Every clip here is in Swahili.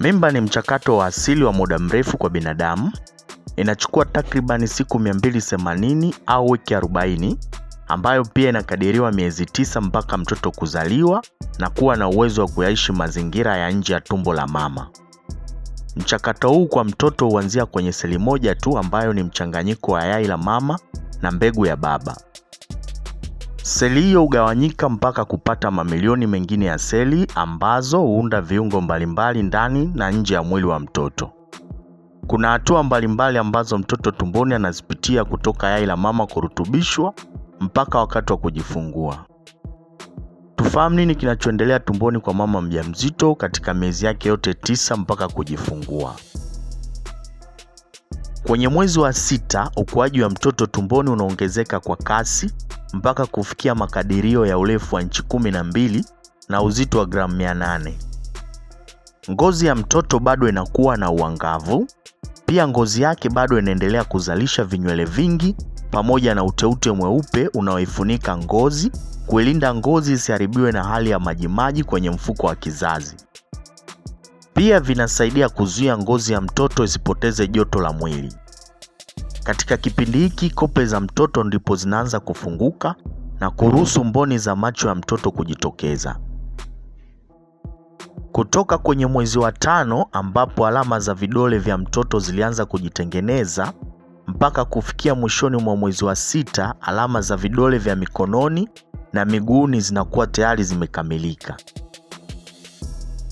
Mimba ni mchakato wa asili wa muda mrefu kwa binadamu. Inachukua takribani siku 280 au wiki 40 ambayo pia inakadiriwa miezi tisa mpaka mtoto kuzaliwa na kuwa na uwezo wa kuyaishi mazingira ya nje ya tumbo la mama. Mchakato huu kwa mtoto huanzia kwenye seli moja tu ambayo ni mchanganyiko wa yai la mama na mbegu ya baba. Seli hiyo hugawanyika mpaka kupata mamilioni mengine ya seli ambazo huunda viungo mbalimbali ndani na nje ya mwili wa mtoto. Kuna hatua mbalimbali ambazo mtoto tumboni anazipitia kutoka yai la mama kurutubishwa mpaka wakati wa kujifungua. Tufahamu nini kinachoendelea tumboni kwa mama mjamzito katika miezi yake yote tisa mpaka kujifungua. Kwenye mwezi wa sita, ukuaji wa mtoto tumboni unaongezeka kwa kasi mpaka kufikia makadirio ya urefu wa inchi kumi na mbili na uzito wa gramu mia nane. Ngozi ya mtoto bado inakuwa na uangavu, pia ngozi yake bado inaendelea kuzalisha vinywele vingi pamoja na uteute mweupe unaoifunika ngozi kuilinda ngozi isiharibiwe na hali ya majimaji kwenye mfuko wa kizazi. Pia vinasaidia kuzuia ngozi ya mtoto isipoteze joto la mwili. Katika kipindi hiki kope za mtoto ndipo zinaanza kufunguka na kuruhusu mboni za macho ya mtoto kujitokeza. Kutoka kwenye mwezi wa tano ambapo alama za vidole vya mtoto zilianza kujitengeneza mpaka kufikia mwishoni mwa mwezi wa sita alama za vidole vya mikononi na miguuni zinakuwa tayari zimekamilika.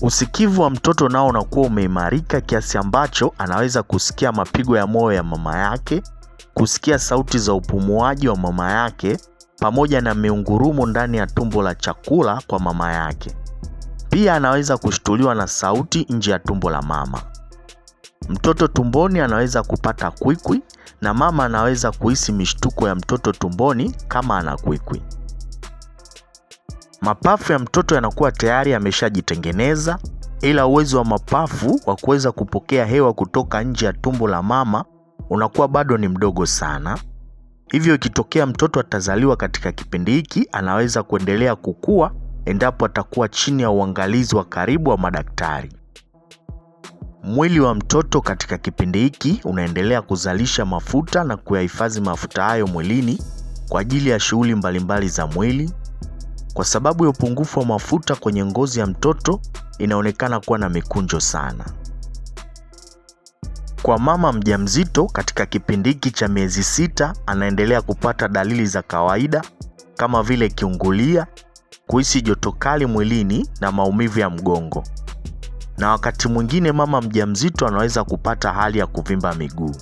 Usikivu wa mtoto nao unakuwa umeimarika kiasi ambacho anaweza kusikia mapigo ya moyo ya mama yake, kusikia sauti za upumuaji wa mama yake pamoja na miungurumo ndani ya tumbo la chakula kwa mama yake. Pia anaweza kushtuliwa na sauti nje ya tumbo la mama. Mtoto tumboni anaweza kupata kwikwi na mama anaweza kuhisi mishtuko ya mtoto tumboni kama ana kwikwi. Mapafu ya mtoto yanakuwa tayari yameshajitengeneza, ila uwezo wa mapafu wa kuweza kupokea hewa kutoka nje ya tumbo la mama unakuwa bado ni mdogo sana. Hivyo ikitokea mtoto atazaliwa katika kipindi hiki, anaweza kuendelea kukua endapo atakuwa chini ya uangalizi wa karibu wa madaktari. Mwili wa mtoto katika kipindi hiki unaendelea kuzalisha mafuta na kuyahifadhi mafuta hayo mwilini kwa ajili ya shughuli mbalimbali za mwili kwa sababu ya upungufu wa mafuta kwenye ngozi ya mtoto inaonekana kuwa na mikunjo sana. Kwa mama mjamzito katika kipindi hiki cha miezi sita anaendelea kupata dalili za kawaida kama vile kiungulia, kuhisi joto kali mwilini na maumivu ya mgongo. Na wakati mwingine mama mjamzito anaweza kupata hali ya kuvimba miguu.